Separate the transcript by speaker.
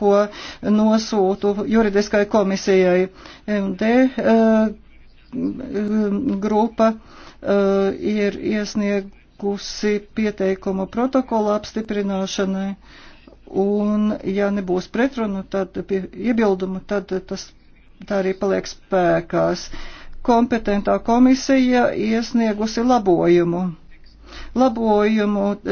Speaker 1: ko nosūtu juridiskai komisijai. MD eh, grupa eh, ir iesniegusi pieteikumu protokola apstiprināšanai, un ja nebūs pretrunu, tad iebildumu, tad tas tā arī paliek spēkās. Kompetentā komisija iesniegusi labojumu.
Speaker 2: Labojumu eh,